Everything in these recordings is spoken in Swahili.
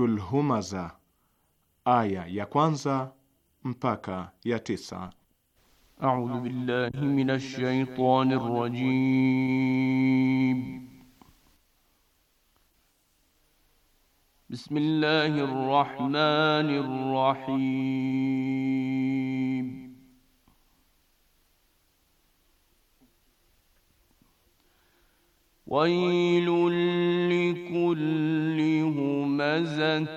suratul Humaza aya ya kwanza mpaka ya tisa. A'udhu billahi minash shaitani rajim. Bismillahir rahmanir rahim. Wa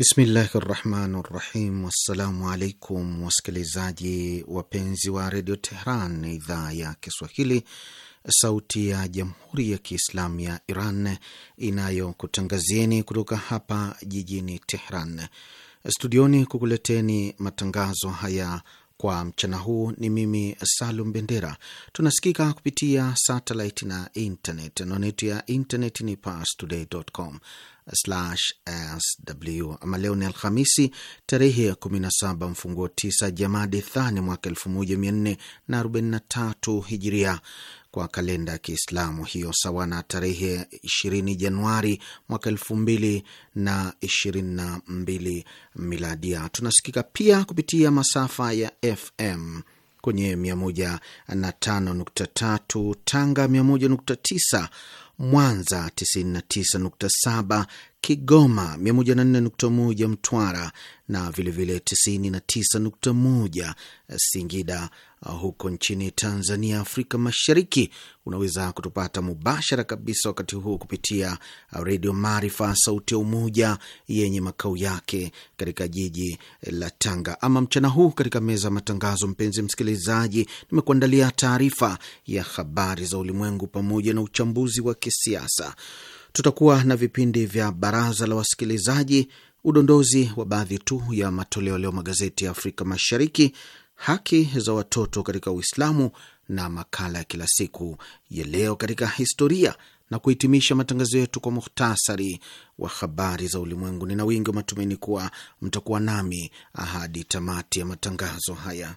Bismillahi rahmani rahim. Wassalamu alaikum wasikilizaji wapenzi wa redio Tehran, idhaa ya Kiswahili, sauti ya jamhuri ya Kiislamu ya Iran inayokutangazieni kutoka hapa jijini Tehran studioni kukuleteni matangazo haya kwa mchana huu. Ni mimi Salum Bendera. Tunasikika kupitia satelit na internet. Anwani yetu ya internet ni parstoday.com sw. Ama leo ni Alhamisi tarehe ya 17 mfunguo tisa Jamadi Thani mwaka tatu Hijiria kwa kalenda ya Kiislamu, hiyo sawa na tarehe ishirini Januari mwaka mbili miladia. Tunasikika pia kupitia masafa ya FM kwenye tatu Tanga, tisa Mwanza 99.7, Kigoma 104.1, Mtwara na vilevile 99.1 Singida Uh, huko nchini Tanzania, Afrika Mashariki, unaweza kutupata mubashara kabisa wakati huu kupitia uh, Redio Maarifa, sauti ya Umoja, yenye makao yake katika jiji eh, la Tanga. Ama mchana huu katika meza ya matangazo, mpenzi msikilizaji, nimekuandalia taarifa ya habari za ulimwengu pamoja na uchambuzi wa kisiasa. Tutakuwa na vipindi vya baraza la wasikilizaji, udondozi wa baadhi tu ya matoleo leo magazeti ya Afrika Mashariki haki za watoto katika Uislamu na makala ya kila siku ya leo katika historia na kuhitimisha matangazo yetu kwa muhtasari wa habari za ulimwengu. Nina wingi wa matumaini kuwa mtakuwa nami ahadi tamati ya matangazo haya.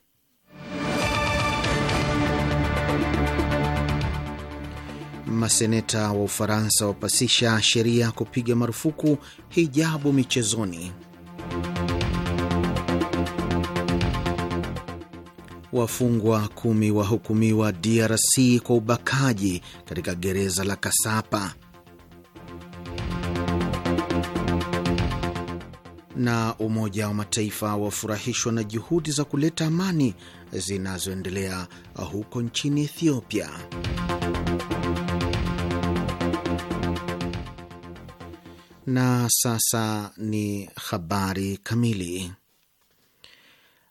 Maseneta wa Ufaransa wapasisha sheria kupiga marufuku hijabu michezoni. Wafungwa kumi wahukumiwa DRC kwa ubakaji katika gereza la Kasapa. Na Umoja wa Mataifa wafurahishwa na juhudi za kuleta amani zinazoendelea huko nchini Ethiopia. Na sasa ni habari kamili.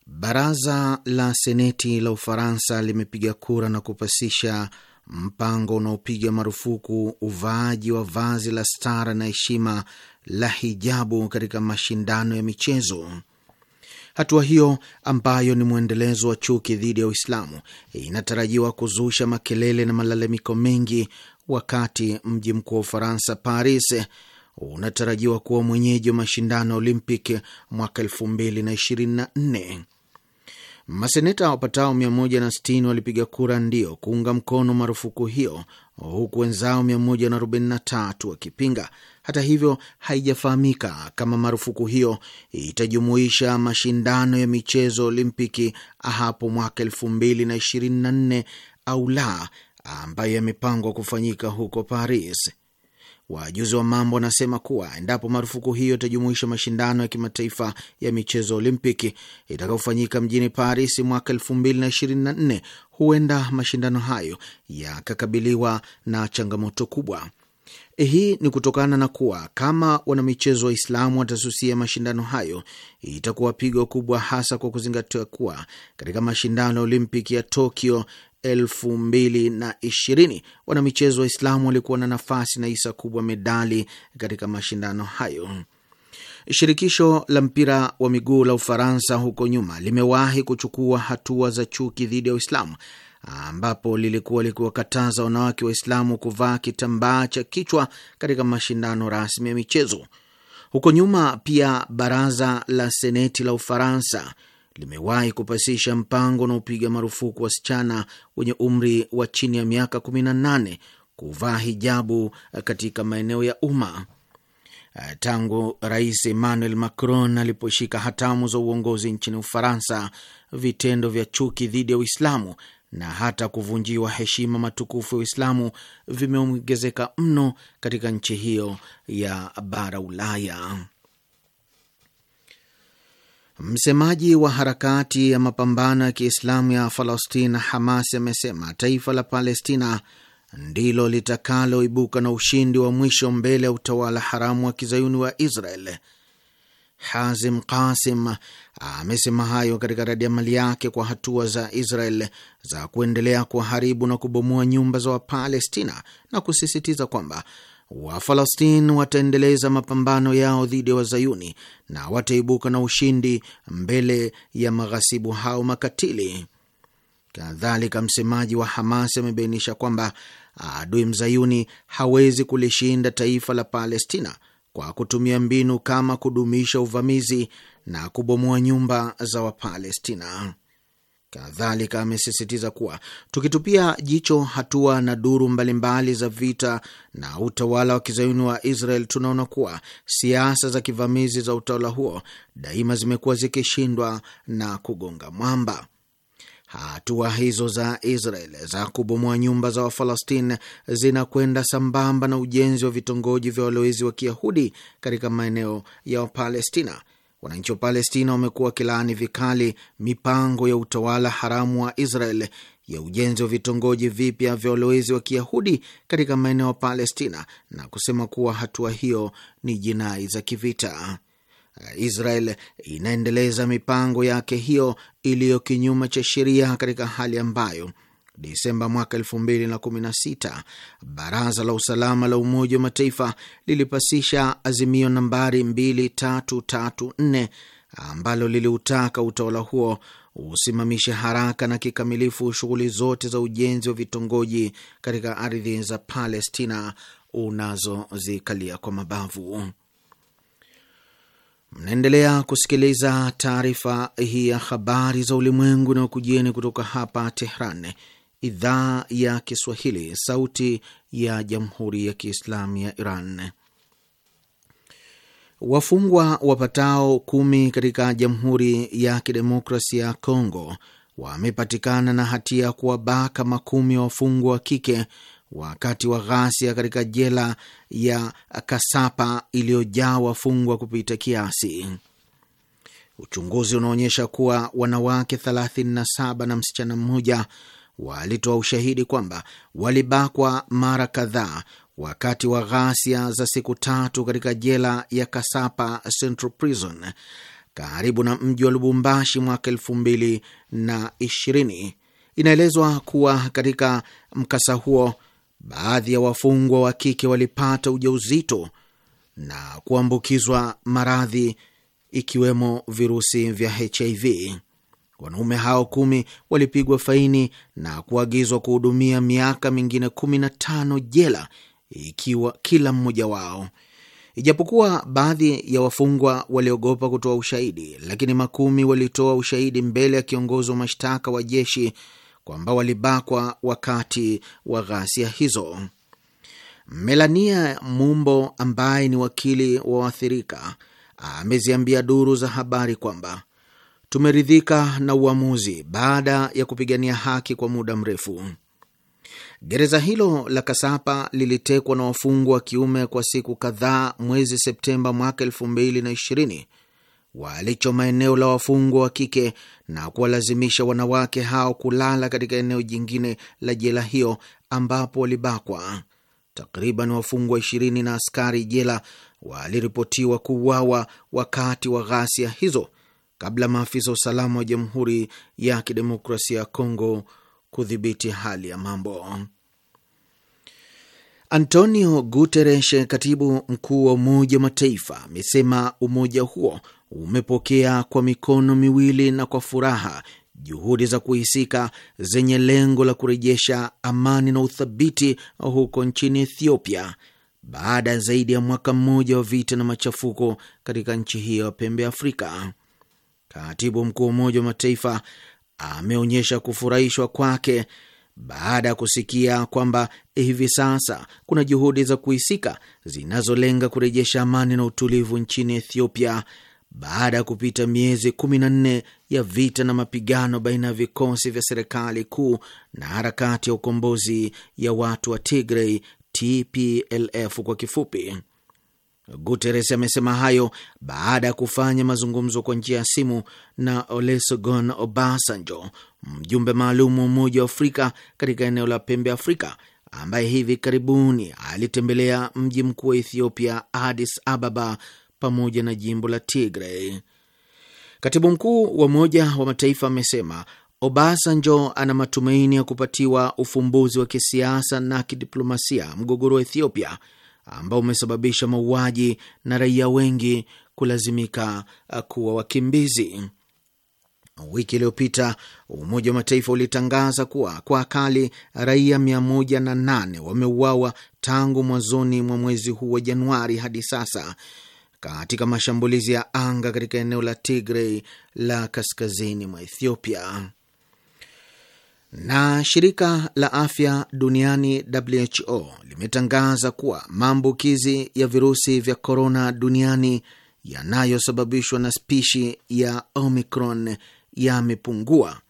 Baraza la Seneti la Ufaransa limepiga kura na kupasisha mpango unaopiga marufuku uvaaji wa vazi la stara na heshima la hijabu katika mashindano ya michezo. Hatua hiyo ambayo ni mwendelezo wa chuki dhidi ya Uislamu inatarajiwa kuzusha makelele na malalamiko mengi wakati mji mkuu wa Ufaransa, Paris, unatarajiwa kuwa mwenyeji wa mashindano ya Olimpiki mwaka 224 Maseneta wapatao 160 walipiga kura ndio kuunga mkono marufuku hiyo, huku wenzao 143 wakipinga. Hata hivyo, haijafahamika kama marufuku hiyo itajumuisha mashindano ya michezo Olimpiki hapo mwaka 2024 au la, ambayo yamepangwa kufanyika huko Paris. Wajuzi wa mambo wanasema kuwa endapo marufuku hiyo itajumuisha mashindano ya kimataifa ya michezo Olimpiki itakayofanyika mjini Paris mwaka 224 huenda mashindano hayo yakakabiliwa na changamoto kubwa. Eh, hii ni kutokana na kuwa kama wanamichezo Waislamu watasusia mashindano hayo, itakuwa pigo kubwa, hasa kwa kuzingatia kuwa katika mashindano ya Olimpiki ya Tokyo elfu mbili na ishirini. Wanamichezo Waislamu walikuwa na nafasi na isa kubwa medali katika mashindano hayo. Shirikisho la mpira wa miguu la Ufaransa huko nyuma limewahi kuchukua hatua za chuki dhidi ya Uislamu ambapo lilikuwa likiwakataza wanawake Waislamu kuvaa kitambaa cha kichwa katika mashindano rasmi ya michezo. Huko nyuma pia baraza la seneti la Ufaransa limewahi kupasisha mpango unaopiga marufuku wasichana wenye umri wa chini ya miaka 18 kuvaa hijabu katika maeneo ya umma. Tangu Rais Emmanuel Macron aliposhika hatamu za uongozi nchini Ufaransa, vitendo vya chuki dhidi ya Uislamu na hata kuvunjiwa heshima matukufu ya Uislamu vimeongezeka mno katika nchi hiyo ya bara Ulaya. Msemaji wa harakati ya mapambano ya Kiislamu ya Falastina, Hamas, amesema taifa la Palestina ndilo litakaloibuka na ushindi wa mwisho mbele ya utawala haramu wa kizayuni wa Israel. Hazim Kasim amesema hayo katika radi ya mali yake kwa hatua za Israel za kuendelea kuharibu na kubomoa nyumba za Wapalestina na kusisitiza kwamba Wafalastini wataendeleza mapambano yao dhidi ya Wazayuni na wataibuka na ushindi mbele ya maghasibu hao makatili. Kadhalika, msemaji wa Hamas amebainisha kwamba adui mzayuni hawezi kulishinda taifa la Palestina kwa kutumia mbinu kama kudumisha uvamizi na kubomoa nyumba za Wapalestina. Kadhalika amesisitiza kuwa tukitupia jicho hatua na duru mbalimbali za vita na utawala wa kizayuni wa Israel, tunaona kuwa siasa za kivamizi za utawala huo daima zimekuwa zikishindwa na kugonga mwamba. Hatua hizo za Israel za kubomoa nyumba za Wafalastini zinakwenda sambamba na ujenzi wa vitongoji vya walowezi wa Kiyahudi katika maeneo ya Wapalestina Wananchi wa Palestina wamekuwa wakilaani vikali mipango ya utawala haramu wa Israel ya ujenzi wa vitongoji vipya vya walowezi wa Kiyahudi katika maeneo ya Palestina na kusema kuwa hatua hiyo ni jinai za kivita. Israel inaendeleza mipango yake hiyo iliyo kinyume cha sheria katika hali ambayo Desemba mwaka 2016 baraza la usalama la Umoja wa Mataifa lilipasisha azimio nambari 2334 ambalo liliutaka utawala huo usimamishe haraka na kikamilifu shughuli zote za ujenzi wa vitongoji katika ardhi za Palestina unazozikalia kwa mabavu. Mnaendelea kusikiliza taarifa hii ya habari za ulimwengu na ukujieni kutoka hapa Tehran, idhaa ya Kiswahili, sauti ya jamhuri ya kiislamu ya Iran. Wafungwa wapatao kumi katika Jamhuri ya Kidemokrasia ya congo wamepatikana na hatia ya baka makumi ya wafungwa wa kike wakati wa ghasia katika jela ya Kasapa iliyojaa wafungwa kupita kiasi. Uchunguzi unaonyesha kuwa wanawake 37 na msichana mmoja walitoa ushahidi kwamba walibakwa mara kadhaa wakati wa ghasia za siku tatu katika jela ya Kasapa Central Prison karibu na mji wa Lubumbashi mwaka elfu mbili na ishirini. Inaelezwa kuwa katika mkasa huo baadhi ya wafungwa wa kike walipata ujauzito na kuambukizwa maradhi ikiwemo virusi vya HIV. Wanaume hao kumi walipigwa faini na kuagizwa kuhudumia miaka mingine kumi na tano jela ikiwa kila mmoja wao. Ijapokuwa baadhi ya wafungwa waliogopa kutoa ushahidi, lakini makumi walitoa ushahidi mbele ya kiongozi wa mashtaka wa jeshi kwamba walibakwa wakati wa ghasia hizo. Melania Mumbo ambaye ni wakili wa waathirika ameziambia duru za habari kwamba tumeridhika na uamuzi baada ya kupigania haki kwa muda mrefu. Gereza hilo la Kasapa lilitekwa na wafungwa wa kiume kwa siku kadhaa mwezi Septemba mwaka elfu mbili na ishirini. Walichoma eneo la wafungwa wa kike na kuwalazimisha wanawake hao kulala katika eneo jingine la jela hiyo ambapo walibakwa. Takriban wafungwa ishirini na askari jela waliripotiwa kuuawa wakati wa ghasia hizo kabla maafisa wa usalama wa Jamhuri ya Kidemokrasia ya Kongo kudhibiti hali ya mambo. Antonio Guterres, katibu mkuu wa Umoja wa Mataifa, amesema umoja huo umepokea kwa mikono miwili na kwa furaha juhudi za kuhisika zenye lengo la kurejesha amani na uthabiti huko nchini Ethiopia baada ya zaidi ya mwaka mmoja wa vita na machafuko katika nchi hiyo ya pembe Afrika katibu mkuu wa Umoja wa Mataifa ameonyesha kufurahishwa kwake baada ya kusikia kwamba hivi sasa kuna juhudi za kuhisika zinazolenga kurejesha amani na utulivu nchini Ethiopia baada ya kupita miezi kumi na nne ya vita na mapigano baina ya vikosi vya serikali kuu na harakati ya ukombozi ya watu wa Tigray TPLF kwa kifupi. Guterres amesema hayo baada ya kufanya mazungumzo kwa njia ya simu na Olusegun Obasanjo, mjumbe maalum wa Umoja wa Afrika katika eneo la Pembe Afrika, ambaye hivi karibuni alitembelea mji mkuu wa Ethiopia, Addis Ababa, pamoja na jimbo la Tigray. Katibu mkuu wa Umoja wa Mataifa amesema Obasanjo ana matumaini ya kupatiwa ufumbuzi wa kisiasa na kidiplomasia mgogoro wa Ethiopia ambao umesababisha mauaji na raia wengi kulazimika uh, kuwa wakimbizi. Wiki iliyopita Umoja wa Mataifa ulitangaza kuwa kwa akali raia 108 wameuawa tangu mwanzoni mwa mwezi huu wa Januari hadi sasa katika mashambulizi ya anga katika eneo la Tigray la kaskazini mwa Ethiopia. Na shirika la afya duniani WHO limetangaza kuwa maambukizi ya virusi vya korona duniani yanayosababishwa na spishi ya Omicron yamepungua.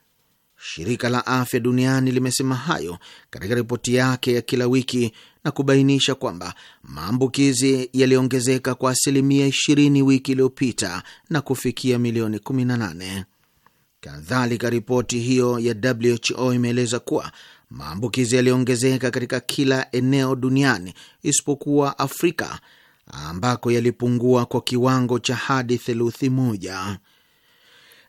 Shirika la afya duniani limesema hayo katika ripoti yake ya kila wiki na kubainisha kwamba maambukizi yaliongezeka kwa asilimia 20 wiki iliyopita na kufikia milioni 18. Kadhalika, ripoti hiyo ya WHO imeeleza kuwa maambukizi yaliyoongezeka katika kila eneo duniani isipokuwa Afrika ambako yalipungua kwa kiwango cha hadi theluthi moja.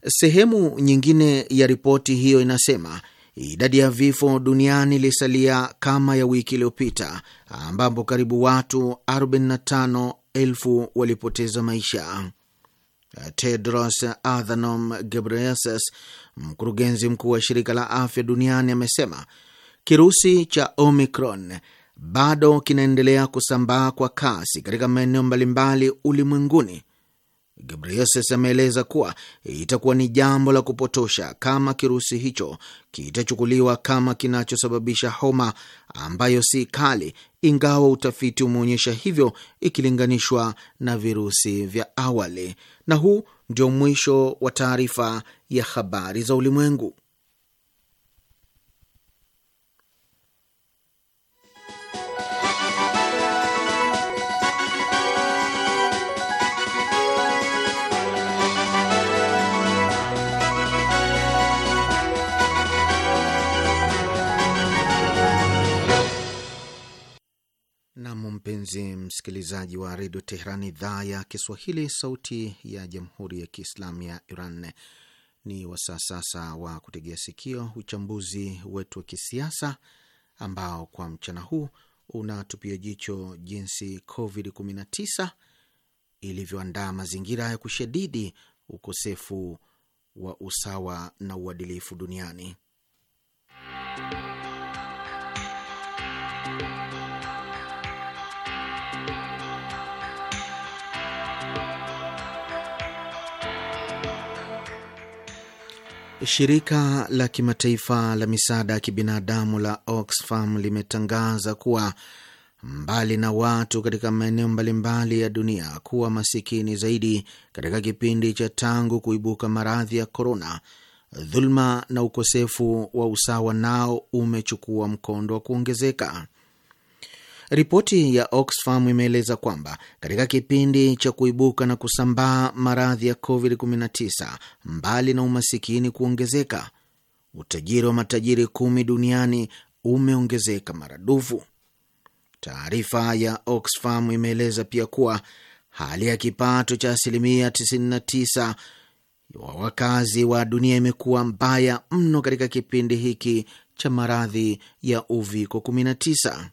Sehemu nyingine ya ripoti hiyo inasema idadi ya vifo duniani ilisalia kama ya wiki iliyopita ambapo karibu watu 45,000 walipoteza maisha. Uh, Tedros Adhanom Ghebreyesus, mkurugenzi mkuu wa shirika la afya duniani, amesema kirusi cha Omicron bado kinaendelea kusambaa kwa kasi katika maeneo mbalimbali ulimwenguni. Ghebreyesus ameeleza kuwa itakuwa ni jambo la kupotosha kama kirusi hicho kitachukuliwa kama kinachosababisha homa ambayo si kali ingawa utafiti umeonyesha hivyo ikilinganishwa na virusi vya awali. Na huu ndio mwisho wa taarifa ya habari za ulimwengu. mpenzi msikilizaji wa redio tehran idhaa ya Kiswahili, sauti ya jamhuri ya kiislamu ya Iran. Ni wasaa sasa wa kutegea sikio uchambuzi wetu wa kisiasa ambao kwa mchana huu unatupia jicho jinsi COVID-19 ilivyoandaa mazingira ya kushadidi ukosefu wa usawa na uadilifu duniani. Shirika la kimataifa la misaada ya kibinadamu la Oxfam limetangaza kuwa mbali na watu katika maeneo mbalimbali ya dunia kuwa masikini zaidi katika kipindi cha tangu kuibuka maradhi ya korona, dhuluma na ukosefu wa usawa nao umechukua mkondo wa kuongezeka. Ripoti ya Oxfam imeeleza kwamba katika kipindi cha kuibuka na kusambaa maradhi ya COVID-19, mbali na umasikini kuongezeka, utajiri wa matajiri kumi duniani umeongezeka maradufu. Taarifa ya Oxfam imeeleza pia kuwa hali ya kipato cha asilimia 99 wa wakazi wa dunia imekuwa mbaya mno katika kipindi hiki cha maradhi ya uviko 19.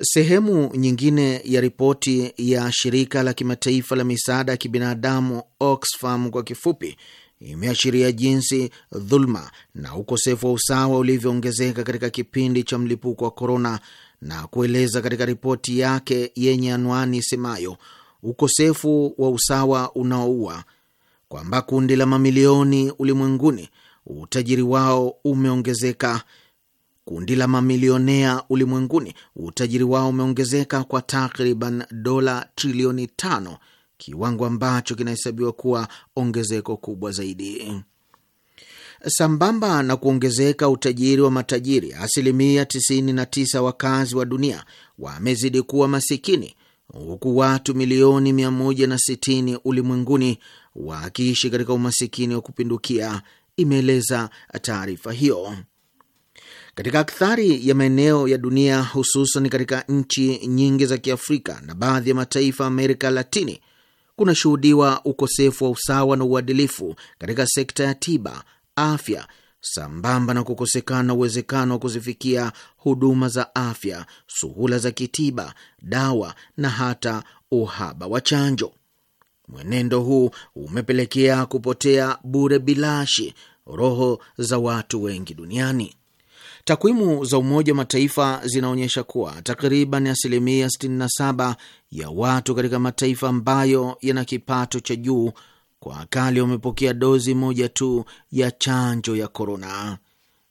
Sehemu nyingine ya ripoti ya shirika la kimataifa la misaada ya kibinadamu Oxfam kwa kifupi imeashiria jinsi dhuluma na ukosefu wa usawa ulivyoongezeka katika kipindi cha mlipuko wa korona, na kueleza katika ripoti yake yenye anwani isemayo ukosefu wa usawa unaoua kwamba kundi la mamilioni ulimwenguni utajiri wao umeongezeka Kundi la mamilionea ulimwenguni, utajiri wao umeongezeka kwa takriban dola trilioni tano, kiwango ambacho kinahesabiwa kuwa ongezeko kubwa zaidi. Sambamba na kuongezeka utajiri wa matajiri, asilimia 99 wakazi wa dunia wamezidi kuwa masikini, huku watu milioni 160 ulimwenguni wakiishi katika umasikini wa kupindukia, imeeleza taarifa hiyo. Katika akthari ya maeneo ya dunia, hususan katika nchi nyingi za Kiafrika na baadhi ya mataifa Amerika Latini, kunashuhudiwa ukosefu wa usawa na uadilifu katika sekta ya tiba, afya, sambamba na kukosekana uwezekano wa kuzifikia huduma za afya, suhula za kitiba, dawa na hata uhaba wa chanjo. Mwenendo huu umepelekea kupotea bure bilashi roho za watu wengi duniani. Takwimu za Umoja wa Mataifa zinaonyesha kuwa takriban asilimia 67 ya watu katika mataifa ambayo yana kipato cha juu kwa akali wamepokea dozi moja tu ya chanjo ya korona.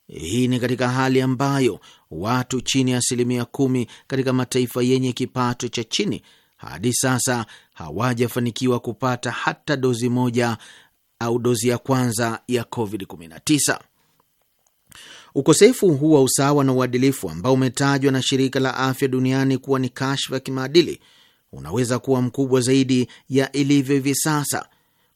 Hii ni katika hali ambayo watu chini ya asilimia kumi katika mataifa yenye kipato cha chini hadi sasa hawajafanikiwa kupata hata dozi moja au dozi ya kwanza ya COVID-19. Ukosefu huu wa usawa na uadilifu ambao umetajwa na shirika la afya duniani kuwa ni kashfa ya kimaadili unaweza kuwa mkubwa zaidi ya ilivyo hivi sasa,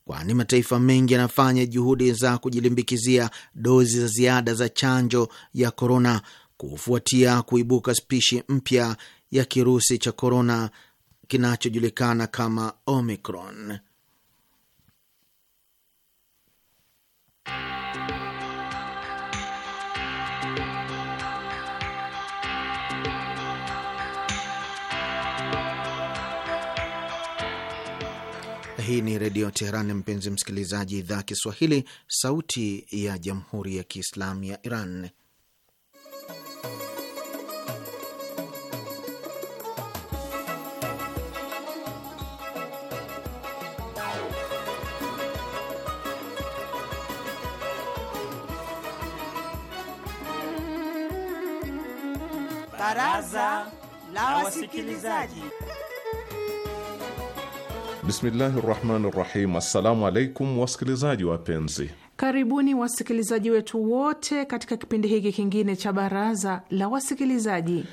kwani mataifa mengi yanafanya juhudi za kujilimbikizia dozi za ziada za chanjo ya korona kufuatia kuibuka spishi mpya ya kirusi cha korona kinachojulikana kama Omicron. Hii ni Redio Teheran, mpenzi msikilizaji, idhaa Kiswahili, sauti ya jamhuri ya kiislamu ya Iran. Baraza la Wasikilizaji. Bismillahi rahmani rahim. Assalamu alaikum wasikilizaji wapenzi, karibuni wasikilizaji wetu wote katika kipindi hiki kingine cha baraza la wasikilizaji.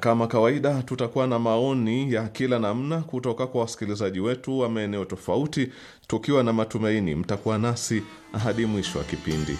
Kama kawaida, tutakuwa na maoni ya kila namna kutoka kwa wasikilizaji wetu wa maeneo tofauti, tukiwa na matumaini mtakuwa nasi hadi mwisho wa kipindi.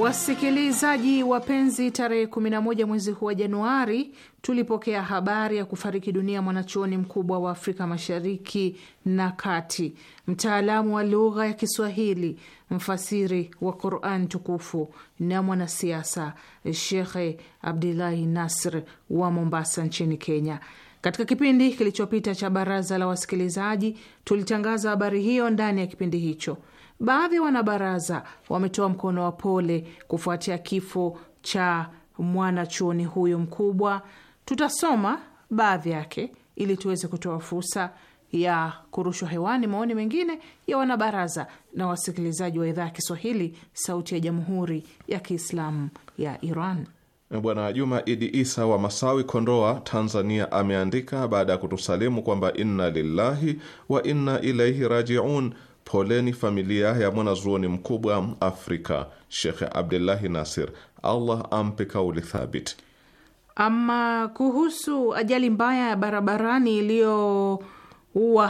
Wasikilizaji wapenzi, tarehe 11 mwezi huu wa Januari tulipokea habari ya kufariki dunia mwanachuoni mkubwa wa Afrika Mashariki na Kati, mtaalamu wa lugha ya Kiswahili, mfasiri wa Quran tukufu na mwanasiasa, Shekhe Abdullahi Nasr wa Mombasa nchini Kenya. Katika kipindi kilichopita cha Baraza la Wasikilizaji tulitangaza habari hiyo ndani ya kipindi hicho. Baadhi ya wanabaraza wametoa mkono wa pole kufuatia kifo cha mwanachuoni huyu mkubwa. Tutasoma baadhi yake ili tuweze kutoa fursa ya kurushwa hewani maoni mengine ya wanabaraza na wasikilizaji wa idhaa ya Kiswahili, Sauti ya Jamhuri ya Kiislamu ya Iran. Bwana Juma Idi Isa wa Masawi, Kondoa, Tanzania, ameandika baada ya kutusalimu kwamba inna lillahi wa inna ilaihi rajiun poleni familia ya mwanazuoni mkubwa Afrika, Shekhe Abdullahi Nasir, Allah ampe kauli thabit. Ama kuhusu ajali mbaya ya barabarani iliyoua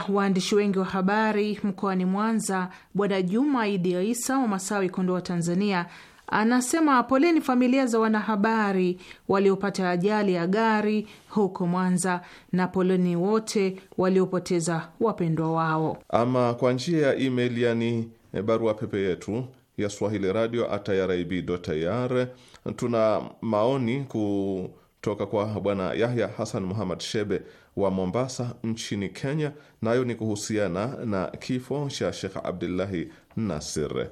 waandishi wengi wa habari mkoani Mwanza, Bwana Juma Idi Isa wa Masawi, Kondoa, Tanzania, Anasema poleni familia za wanahabari waliopata ajali ya gari huko Mwanza, na poleni wote waliopoteza wapendwa wao. Ama kwa njia ya email, yani eh, barua pepe yetu ya swahili radio irib.ir, tuna maoni kutoka kwa bwana Yahya Hasan Muhammad Shebe wa Mombasa nchini Kenya, nayo ni kuhusiana na kifo cha Shekh Abdullahi Nasir.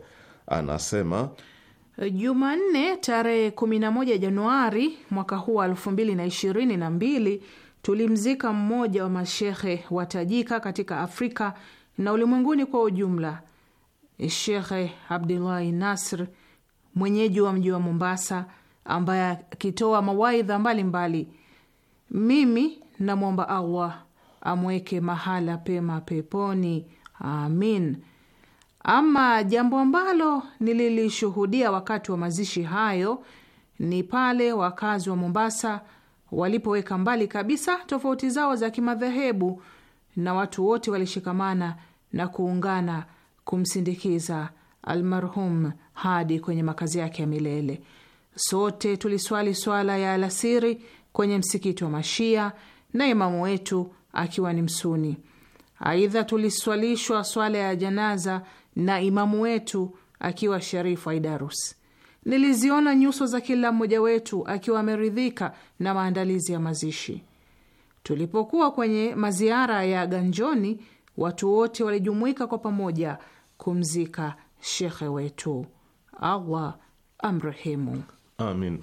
Anasema Jumanne tarehe 11 Januari mwaka huu wa elfu mbili na ishirini na mbili tulimzika mmoja wa mashehe watajika katika Afrika na ulimwenguni kwa ujumla, Shekhe Abdullahi Nasr, mwenyeji wa mji wa Mombasa, ambaye akitoa mawaidha mbalimbali Mimi namwomba Allah amweke mahala pema peponi, amin. Ama jambo ambalo nililishuhudia wakati wa mazishi hayo ni pale wakazi wa Mombasa walipoweka mbali kabisa tofauti zao za kimadhehebu na watu wote walishikamana na kuungana kumsindikiza almarhum hadi kwenye makazi yake ya milele. Sote tuliswali swala ya alasiri kwenye msikiti wa Mashia na imamu wetu akiwa ni Msuni. Aidha, tuliswalishwa swala ya janaza na imamu wetu akiwa Sharifu Aidarus. Niliziona nyuso za kila mmoja wetu akiwa ameridhika na maandalizi ya mazishi. Tulipokuwa kwenye maziara ya Ganjoni, watu wote walijumuika kwa pamoja kumzika shekhe wetu. Allah amrehemu, amin.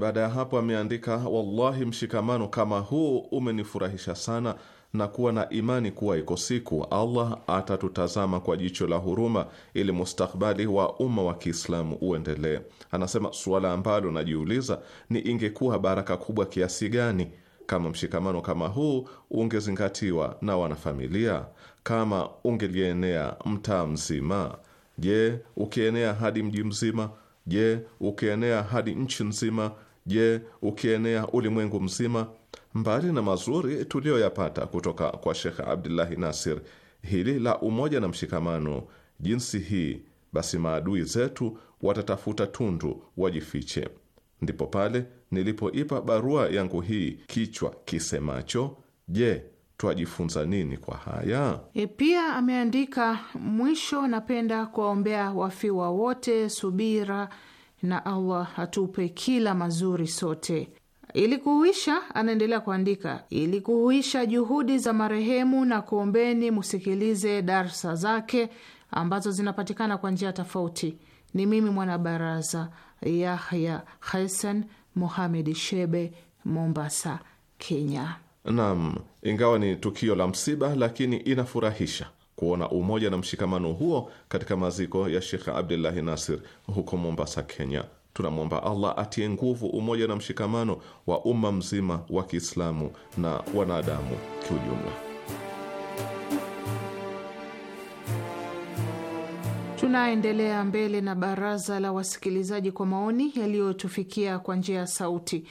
Baada ya hapo ameandika, wallahi mshikamano kama huu umenifurahisha sana na kuwa na imani kuwa iko siku Allah atatutazama kwa jicho la huruma ili mustakbali wa umma wa Kiislamu uendelee. Anasema suala ambalo najiuliza ni ingekuwa baraka kubwa kiasi gani kama mshikamano kama huu ungezingatiwa na wanafamilia, kama ungelienea mtaa mzima. Je, ukienea hadi mji mzima? Je, ukienea hadi nchi nzima? Je, ukienea ulimwengu mzima? Mbali na mazuri tuliyoyapata kutoka kwa Shekh Abdullahi Nasir, hili la umoja na mshikamano jinsi hii, basi maadui zetu watatafuta tundu wajifiche. Ndipo pale nilipoipa barua yangu hii kichwa kisemacho, Je, twajifunza nini kwa haya? E, pia ameandika mwisho, napenda kuwaombea wafiwa wote subira, na Allah atupe kila mazuri sote. Ili kuhuisha, anaendelea kuandika, ili kuhuisha juhudi za marehemu na kuombeni musikilize darsa zake ambazo zinapatikana kwa njia tofauti. Ni mimi mwanabaraza Yahya Hasan Muhamed Shebe, Mombasa, Kenya. Naam, ingawa ni tukio la msiba, lakini inafurahisha kuona umoja na mshikamano huo katika maziko ya Shekh Abdullahi Nasir huko Mombasa, Kenya. Tunamwomba Allah atie nguvu umoja na mshikamano wa umma mzima wa Kiislamu na wanadamu kiujumla. Tunaendelea mbele na baraza la wasikilizaji kwa maoni yaliyotufikia kwa njia ya sauti.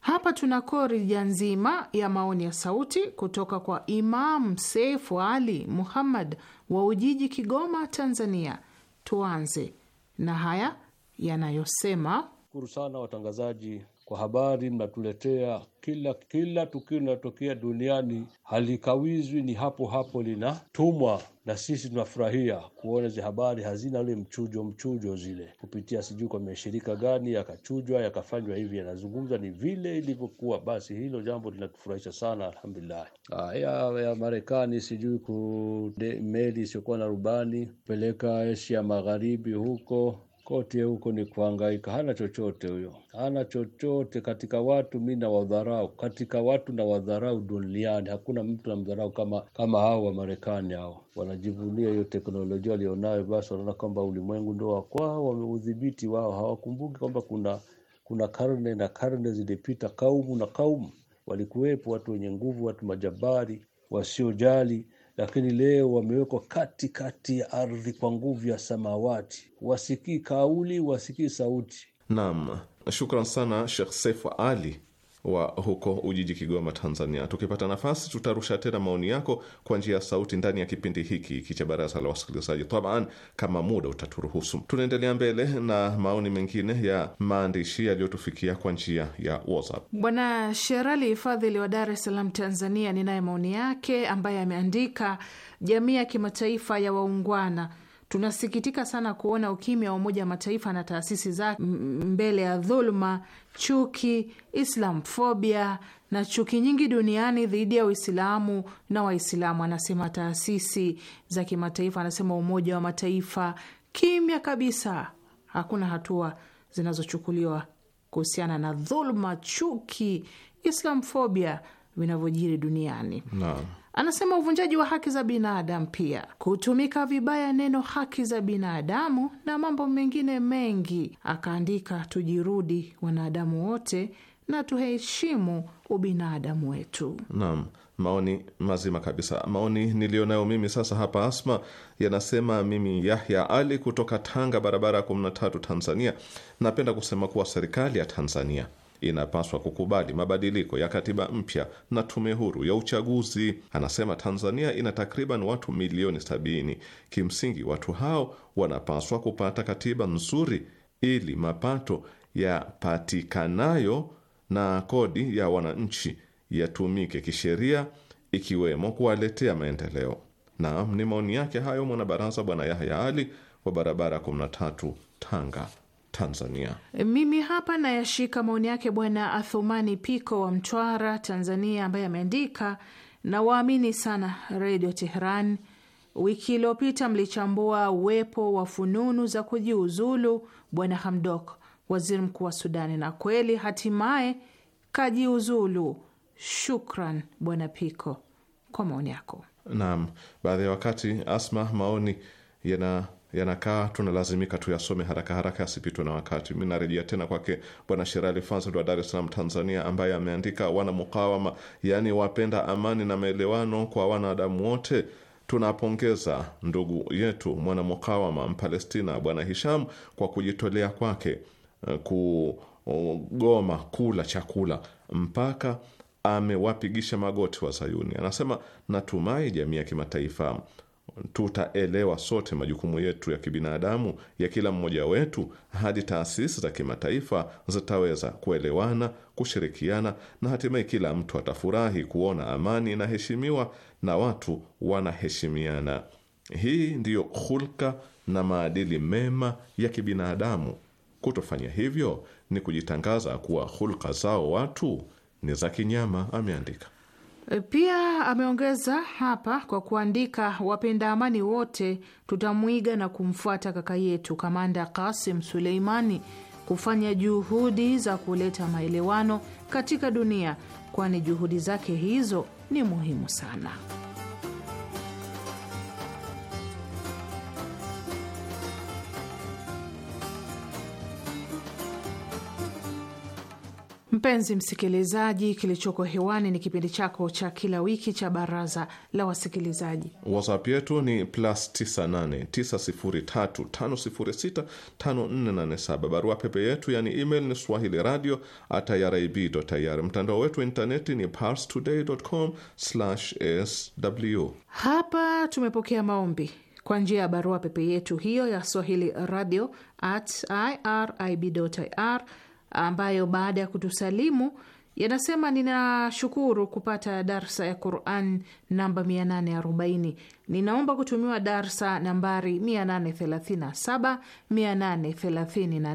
Hapa tuna korija nzima ya maoni ya sauti kutoka kwa Imam Seifu Ali Muhammad wa Ujiji, Kigoma, Tanzania. Tuanze na haya yanayosema shukuru sana watangazaji kwa habari mnatuletea kila kila tukio linalotokea duniani halikawizwi, ni hapo hapo linatumwa, na sisi tunafurahia kuona hizi habari hazina ule mchujo mchujo, zile kupitia sijui kwa mashirika gani yakachujwa yakafanywa hivi, yanazungumza ni vile ilivyokuwa. Basi hilo jambo linatufurahisha sana, alhamdulilahi Ah, ya Marekani sijui ku meli isiyokuwa na rubani kupeleka Asia Magharibi huko kote huko ni kuhangaika, hana chochote huyo, hana chochote katika watu. Mi na wadharau katika watu na wadharau duniani, hakuna mtu mdharau kama kama hao wa marekani Hao wanajivunia hiyo teknolojia walionayo, basi wanaona kwamba ulimwengu ndo wakwao, wameudhibiti wao. Hawakumbuki kwamba kuna kuna karne na karne zilipita, kaumu na kaumu walikuwepo, watu wenye nguvu, watu majabari wasiojali lakini leo wamewekwa katikati ya ardhi kwa nguvu ya samawati, wasikii kauli, wasikii sauti. Naam, shukran sana Shekh Sefu Ali wa huko Ujiji, Kigoma, Tanzania. Tukipata nafasi, tutarusha tena maoni yako kwa njia ya sauti ndani ya kipindi hiki kicha baraza la wasikilizaji taban, kama muda utaturuhusu. Tunaendelea mbele na maoni mengine ya maandishi yaliyotufikia kwa njia ya WhatsApp. Bwana Sherali Fadhili wa Dar es Salaam, Tanzania, ninaye maoni yake ambaye ameandika, jamii ya kimataifa ya waungwana Tunasikitika sana kuona ukimya wa Umoja wa Mataifa na taasisi zake mbele ya dhuluma chuki, islamfobia na chuki nyingi duniani dhidi ya Uislamu na Waislamu, anasema taasisi za kimataifa, anasema Umoja wa Mataifa. Kimya kabisa, hakuna hatua zinazochukuliwa kuhusiana na dhuluma, chuki, islamfobia vinavyojiri duniani no. Anasema uvunjaji wa haki za binadamu, pia kutumika vibaya neno haki za binadamu na mambo mengine mengi. Akaandika, tujirudi wanadamu wote na tuheshimu ubinadamu wetu. Naam, maoni mazima kabisa. Maoni niliyonayo mimi sasa hapa, Asma, yanasema mimi Yahya Ali kutoka Tanga, barabara ya kumi na tatu, Tanzania. Napenda kusema kuwa serikali ya Tanzania inapaswa kukubali mabadiliko ya katiba mpya na tume huru ya uchaguzi. Anasema Tanzania ina takriban watu milioni sabini. Kimsingi watu hao wanapaswa kupata katiba nzuri ili mapato yapatikanayo na kodi ya wananchi yatumike kisheria, ikiwemo kuwaletea maendeleo. Naam, ni maoni yake hayo mwanabaraza Bwana Yahya Ali wa barabara 13 Tanga, Tanzania. Mimi hapa nayashika maoni yake Bwana Athumani Piko wa Mtwara, Tanzania, ambaye ameandika na waamini sana Redio Teheran. Wiki iliyopita mlichambua uwepo wa fununu za kujiuzulu Bwana Hamdok, waziri mkuu wa Sudani, na kweli hatimaye kajiuzulu. Shukran Bwana Piko kwa maoni yako. Naam, baadhi ya wakati Asma, maoni yana yanakaa tunalazimika tuyasome haraka haraka, yasipitwe na wakati. Mi narejea tena kwake Bwana Sherali Fazl wa Dar es Salaam, Tanzania, ambaye ameandika wana mukawama, yaani wapenda amani na maelewano kwa wanadamu wote. Tunapongeza ndugu yetu mwana mukawama Mpalestina Bwana Hisham kwa kujitolea kwake eh, kugoma kula chakula mpaka amewapigisha magoti wa Sayuni. Anasema natumai jamii ya kimataifa tutaelewa sote majukumu yetu ya kibinadamu ya kila mmoja wetu, hadi taasisi za kimataifa zitaweza kuelewana, kushirikiana na hatimaye kila mtu atafurahi kuona amani inaheshimiwa na watu wanaheshimiana. Hii ndiyo hulka na maadili mema ya kibinadamu. Kutofanya hivyo ni kujitangaza kuwa hulka zao watu ni za kinyama, ameandika. E, pia ameongeza hapa kwa kuandika, wapenda amani wote tutamwiga na kumfuata kaka yetu Kamanda Kasim Suleimani kufanya juhudi za kuleta maelewano katika dunia, kwani juhudi zake hizo ni muhimu sana. Mpenzi msikilizaji, kilichoko hewani ni kipindi chako cha kila wiki cha baraza la wasikilizaji. WhatsApp yetu ni plus 989035065487. Barua pepe yetu yani email ni swahili radio at irib.ir. Mtandao wetu wa intaneti ni parstoday.com/sw. Hapa tumepokea maombi kwa njia ya barua pepe yetu hiyo ya swahili radio at irib.ir ambayo baada ya kutusalimu yanasema: ninashukuru kupata darsa ya Quran namba 840. Ninaomba kutumiwa darsa nambari 837, 838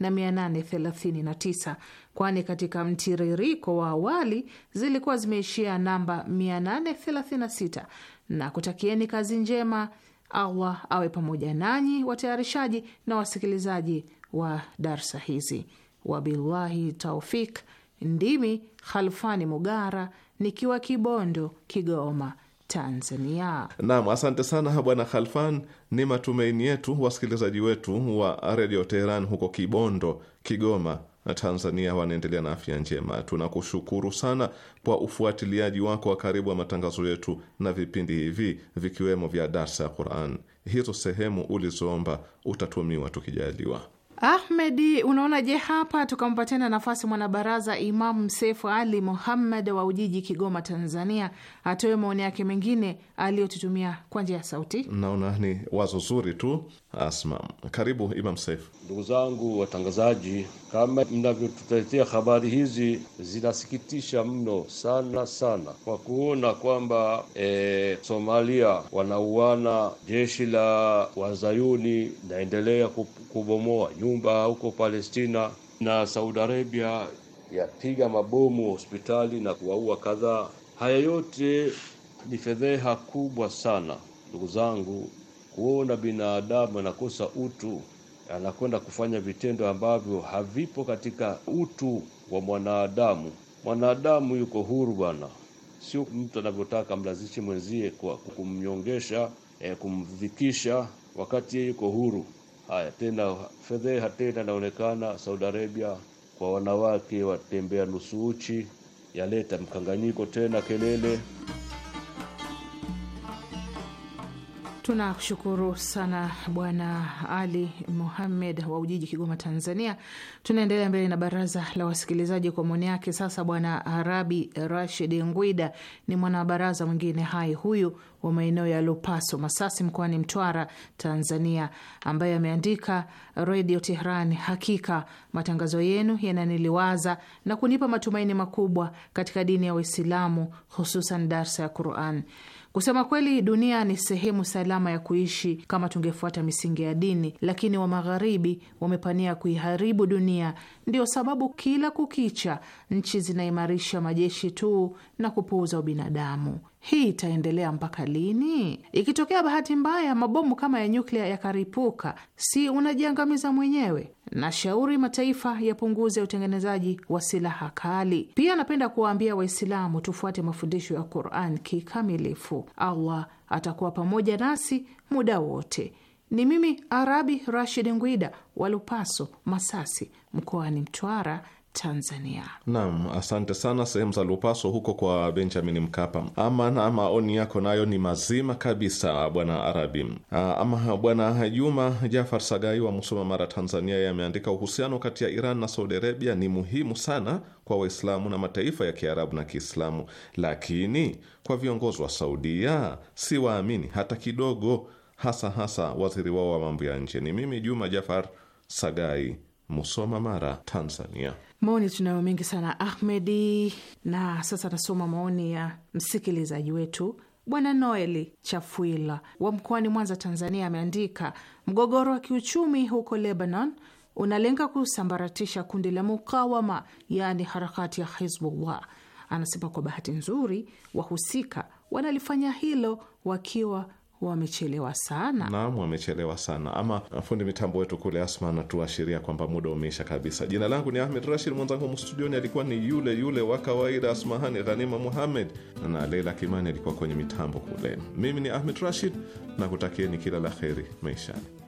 na 839, kwani katika mtiririko wa awali zilikuwa zimeishia namba 836. Na kutakieni kazi njema. awa awe pamoja nanyi, watayarishaji na wasikilizaji wa darsa hizi. Wabillahi Taufik. Ndimi Khalfani Mugara nikiwa Kibondo, Kigoma, Tanzania. Naam, asante sana Bwana Khalfan. Ni matumaini yetu wasikilizaji wetu wa Redio Teheran huko Kibondo, Kigoma, Tanzania wanaendelea na afya njema. Tunakushukuru sana kwa ufuatiliaji wako wa karibu wa matangazo yetu na vipindi hivi vikiwemo vya darsa ya Quran. Hizo sehemu ulizoomba utatumiwa tukijaliwa. Ahmedi, unaona je, hapa tukampa tena nafasi mwanabaraza Imamu Sefu Ali Muhammad wa Ujiji, Kigoma, Tanzania, atoe maoni yake mengine aliyotutumia kwa njia ya sauti. Naona ni wazo zuri tu Asma. Karibu Imam Saif. Ndugu zangu watangazaji, kama mnavyotutetea habari hizi zinasikitisha mno sana sana, kwa kuona kwamba e, Somalia wanauana, jeshi la wazayuni naendelea kubomoa nyumba huko Palestina, na Saudi Arabia yapiga mabomu hospitali na kuwaua kadhaa. Haya yote ni fedheha kubwa sana ndugu zangu kuona binadamu anakosa utu, anakwenda kufanya vitendo ambavyo havipo katika utu wa mwanadamu. Mwanadamu yuko huru bwana, sio mtu anavyotaka mlazishi mwenzie kwa kumnyongesha, eh, kumvikisha wakati yeye yuko huru. Haya tena fedheha tena inaonekana Saudi Arabia kwa wanawake watembea nusu uchi, yaleta mkanganyiko tena kelele tunashukuru sana Bwana Ali muhammed wa Ujiji, Kigoma, Tanzania, Tunaendelea mbele na baraza la wasikilizaji kwa maoni yake. Sasa Bwana Arabi Rashid Ngwida ni mwanabaraza mwingine hai huyu wa maeneo ya Lupaso, Masasi, mkoani Mtwara, Tanzania, ambaye ameandika: Redio Tehran, hakika matangazo yenu yananiliwaza na kunipa matumaini makubwa katika dini ya Uislamu, hususan darsa ya Quran. Kusema kweli, dunia ni sehemu salama ya kuishi kama tungefuata misingi ya dini, lakini wa Magharibi wamepania kuiharibu dunia dunia. Ndio sababu kila kukicha nchi zinaimarisha majeshi tu na kupuuza ubinadamu. Hii itaendelea mpaka lini? Ikitokea bahati mbaya mabomu kama ya nyuklia yakaripuka, si unajiangamiza mwenyewe? Nashauri mataifa yapunguze utengenezaji wa silaha kali. Pia napenda kuwaambia Waislamu tufuate mafundisho ya Quran kikamilifu. Allah atakuwa pamoja nasi muda wote. Ni mimi Arabi Rashid Ngwida wa Lupaso, Masasi, mkoani Mtwara, Tanzania. Naam, asante sana sehemu za Lupaso huko kwa Benjamin Mkapa. Ama na maoni yako nayo ni mazima kabisa, bwana Arabi. Ah, ama bwana Juma Jafar Sagai wa Musoma, Mara, Tanzania, yameandika uhusiano kati ya Iran na Saudi Arabia ni muhimu sana kwa Waislamu na mataifa ya Kiarabu na Kiislamu, lakini kwa viongozi wa Saudia si waamini hata kidogo hasa hasa waziri wao wa mambo ya nje. Ni mimi Juma Jafar Sagai, Musoma, Mara, Tanzania. Maoni tunayo mengi sana Ahmedi, na sasa nasoma maoni ya msikilizaji wetu Bwana Noeli Chafuila wa mkoani Mwanza, Tanzania, ameandika mgogoro wa kiuchumi huko Lebanon unalenga kusambaratisha kundi la mukawama, yaani harakati ya Hizbullah. Anasema kwa bahati nzuri, wahusika wanalifanya hilo wakiwa wamechelewa sana. Naam, wamechelewa sana. Ama uh, fundi mitambo wetu kule Asma anatuashiria kwamba muda umeisha kabisa. Jina langu ni Ahmed Rashid, mwenzangu mstudioni alikuwa ni yule yule wa kawaida Asmahani Ghanima Muhammed, na Leila Kimani alikuwa kwenye mitambo kule. Mimi ni Ahmed Rashid na kutakieni kila la kheri maishani.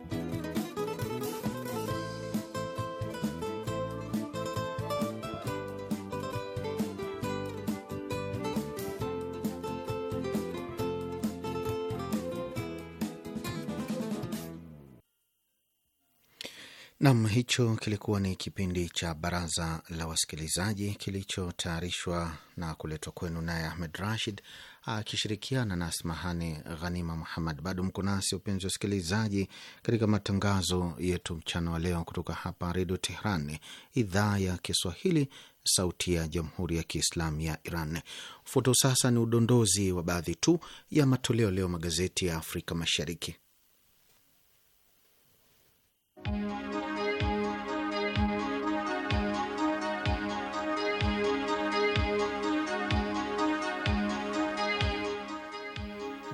hicho kilikuwa ni kipindi cha Baraza la Wasikilizaji kilichotayarishwa na kuletwa kwenu naye Ahmed Rashid akishirikiana na Asmahani Ghanima Muhammad. Bado mko nasi upenzi wa wasikilizaji, katika matangazo yetu mchana wa leo kutoka hapa Redio Tehran, idhaa ya Kiswahili, sauti ya Jamhuri ya Kiislamu ya Iran. Ufuatao sasa ni udondozi wa baadhi tu ya matoleo leo magazeti ya Afrika Mashariki.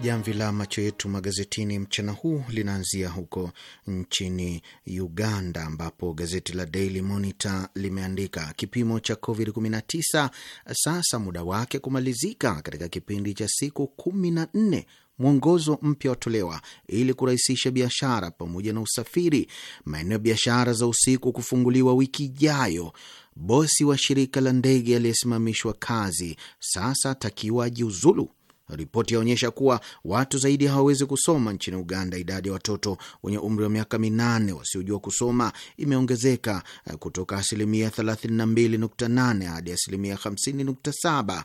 Jamvi la macho yetu magazetini mchana huu linaanzia huko nchini Uganda, ambapo gazeti la Daily Monitor limeandika kipimo cha COVID-19 sasa muda wake kumalizika katika kipindi cha siku kumi na nne. Mwongozo mpya watolewa ili kurahisisha biashara pamoja na usafiri. Maeneo ya biashara za usiku kufunguliwa wiki ijayo. Bosi wa shirika la ndege aliyesimamishwa kazi sasa takiwa jiuzulu. Ripoti yaonyesha kuwa watu zaidi hawawezi kusoma nchini Uganda. Idadi ya watoto wenye umri wa miaka minane wasiojua kusoma imeongezeka eh, kutoka asilimia 32.8 hadi asilimia 50.7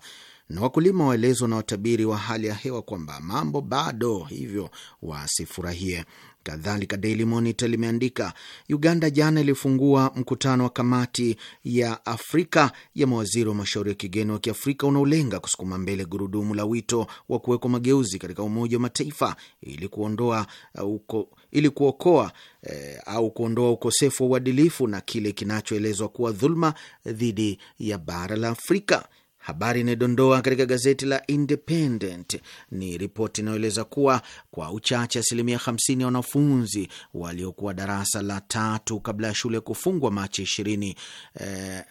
na wakulima waelezwa na watabiri wa hali ya hewa kwamba mambo bado hivyo wasifurahie. Kadhalika, Daily Monitor limeandika Uganda jana ilifungua mkutano wa kamati ya Afrika ya mawaziri wa mashauri ya kigeni wa Kiafrika unaolenga kusukuma mbele gurudumu la wito wa kuwekwa mageuzi katika Umoja wa Mataifa ili kuondoa uh, uko, ili kuokoa eh, au kuondoa ukosefu wa uadilifu na kile kinachoelezwa kuwa dhuluma dhidi ya bara la Afrika. Habari inayodondoa katika gazeti la Independent ni ripoti inayoeleza kuwa kwa uchache asilimia 50 ya wanafunzi waliokuwa darasa la tatu kabla ya shule kufungwa Machi 20 eh,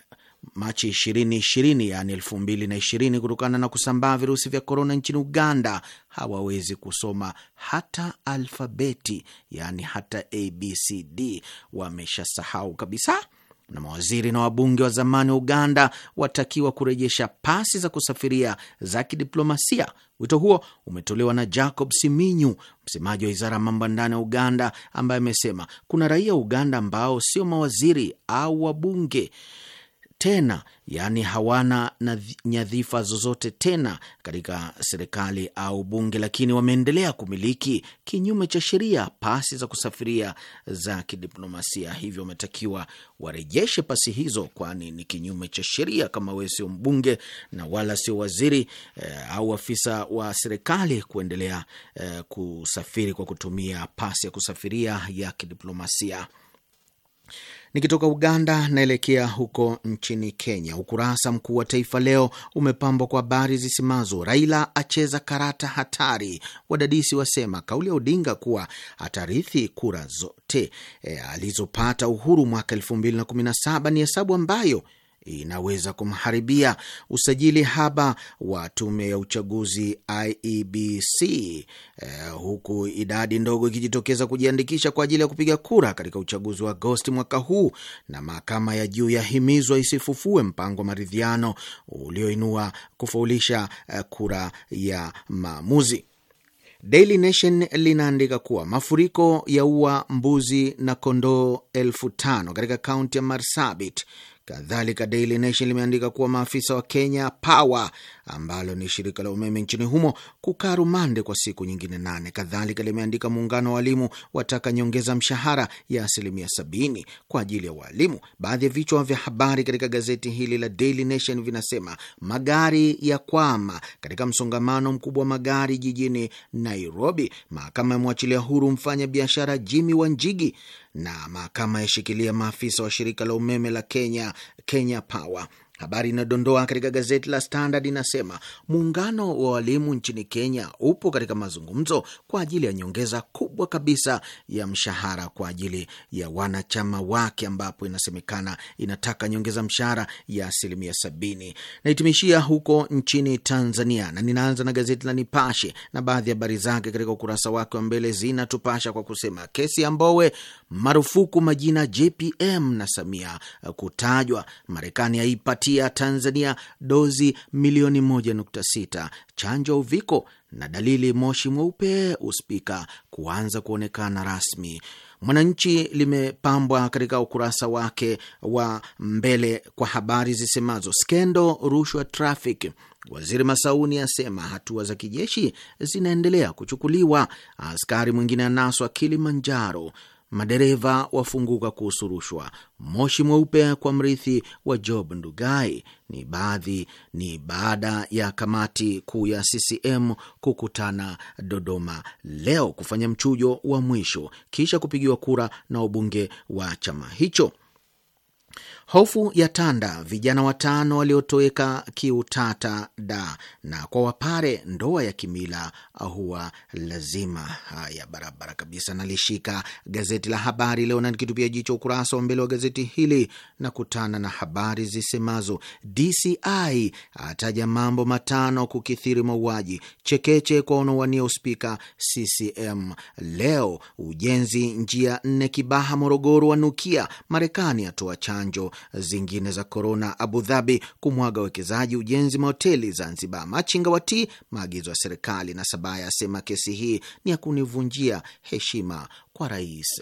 Machi 2020 yaani 2020 kutokana na kusambaa virusi vya korona nchini Uganda hawawezi kusoma hata alfabeti, yaani hata abcd. Wameshasahau kabisa na mawaziri na wabunge wa zamani wa Uganda watakiwa kurejesha pasi za kusafiria za kidiplomasia. Wito huo umetolewa na Jacob Siminyu, msemaji wa wizara ya mambo ya ndani ya Uganda, ambaye amesema kuna raia wa Uganda ambao sio mawaziri au wabunge tena, yaani hawana nyadhifa zozote tena katika serikali au bunge, lakini wameendelea kumiliki kinyume cha sheria pasi za kusafiria za kidiplomasia. Hivyo wametakiwa warejeshe pasi hizo, kwani ni kinyume cha sheria kama wewe sio mbunge na wala sio waziri eh, au afisa wa serikali kuendelea eh, kusafiri kwa kutumia pasi ya kusafiria ya kidiplomasia. Nikitoka Uganda naelekea huko nchini Kenya. Ukurasa mkuu wa Taifa Leo umepambwa kwa habari zisemazo Raila acheza karata hatari, wadadisi wasema kauli ya Odinga kuwa atarithi kura zote e, alizopata Uhuru mwaka elfu mbili na kumi na saba ni hesabu ambayo inaweza kumharibia usajili haba wa tume ya uchaguzi IEBC, eh, huku idadi ndogo ikijitokeza kujiandikisha kwa ajili ya kupiga kura katika uchaguzi wa Agosti mwaka huu, na mahakama ya juu yahimizwa isifufue mpango wa maridhiano ulioinua kufaulisha eh, kura ya maamuzi. Daily Nation linaandika kuwa mafuriko ya ua mbuzi na kondoo elfu tano katika kaunti ya Marsabit. Kadhalika, Daily Nation limeandika kuwa maafisa wa Kenya Power ambalo ni shirika la umeme nchini humo kukaa rumande kwa siku nyingine nane. Kadhalika limeandika muungano wa walimu wataka nyongeza mshahara ya asilimia sabini kwa ajili ya waalimu. Baadhi ya vichwa vya habari katika gazeti hili la Daily Nation vinasema magari ya kwama katika msongamano mkubwa wa magari jijini Nairobi, mahakama yamwachilia huru mfanya biashara Jimmy Wanjigi, na mahakama yashikilia maafisa wa shirika la umeme la Kenya, Kenya Power. Habari inayodondoa katika gazeti la Standard inasema muungano wa walimu nchini Kenya upo katika mazungumzo kwa ajili ya nyongeza kubwa kabisa ya mshahara kwa ajili ya wanachama wake, ambapo inasemekana inataka nyongeza mshahara ya asilimia sabini. Naitimishia huko nchini Tanzania na ninaanza na gazeti la Nipashe na baadhi ya habari zake katika ukurasa wake wa mbele zinatupasha kwa kusema kesi ya Mbowe, marufuku majina JPM na Samia kutajwa, Marekani yaipa kuipatia Tanzania dozi milioni 1.6 chanjo ya uviko na dalili moshi mweupe uspika kuanza kuonekana rasmi. Mwananchi limepambwa katika ukurasa wake wa mbele kwa habari zisemazo skendo rushwa trafiki. Waziri Masauni asema hatua za kijeshi zinaendelea kuchukuliwa. Askari mwingine anaswa Kilimanjaro madereva wafunguka kuhusu rushwa. Moshi mweupe kwa mrithi wa Job Ndugai ni baadhi ni baada ya kamati kuu ya CCM kukutana Dodoma leo kufanya mchujo wa mwisho kisha kupigiwa kura na wabunge wa chama hicho. Hofu ya tanda vijana watano waliotoweka kiutata da na kwa Wapare ndoa ya kimila huwa lazima. Haya, barabara kabisa. Nalishika gazeti la Habari Leo na nikitupia jicho ukurasa wa mbele wa gazeti hili na kutana na habari zisemazo: DCI ataja mambo matano kukithiri mauaji, chekeche kwa wanaowania uspika CCM leo, ujenzi njia nne Kibaha Morogoro wanukia, Marekani atoa chanjo zingine za korona. Abu Dhabi kumwaga uwekezaji ujenzi mahoteli Zanzibar. Machinga watii maagizo ya serikali, na Sabaya asema kesi hii ni ya kunivunjia heshima kwa rais.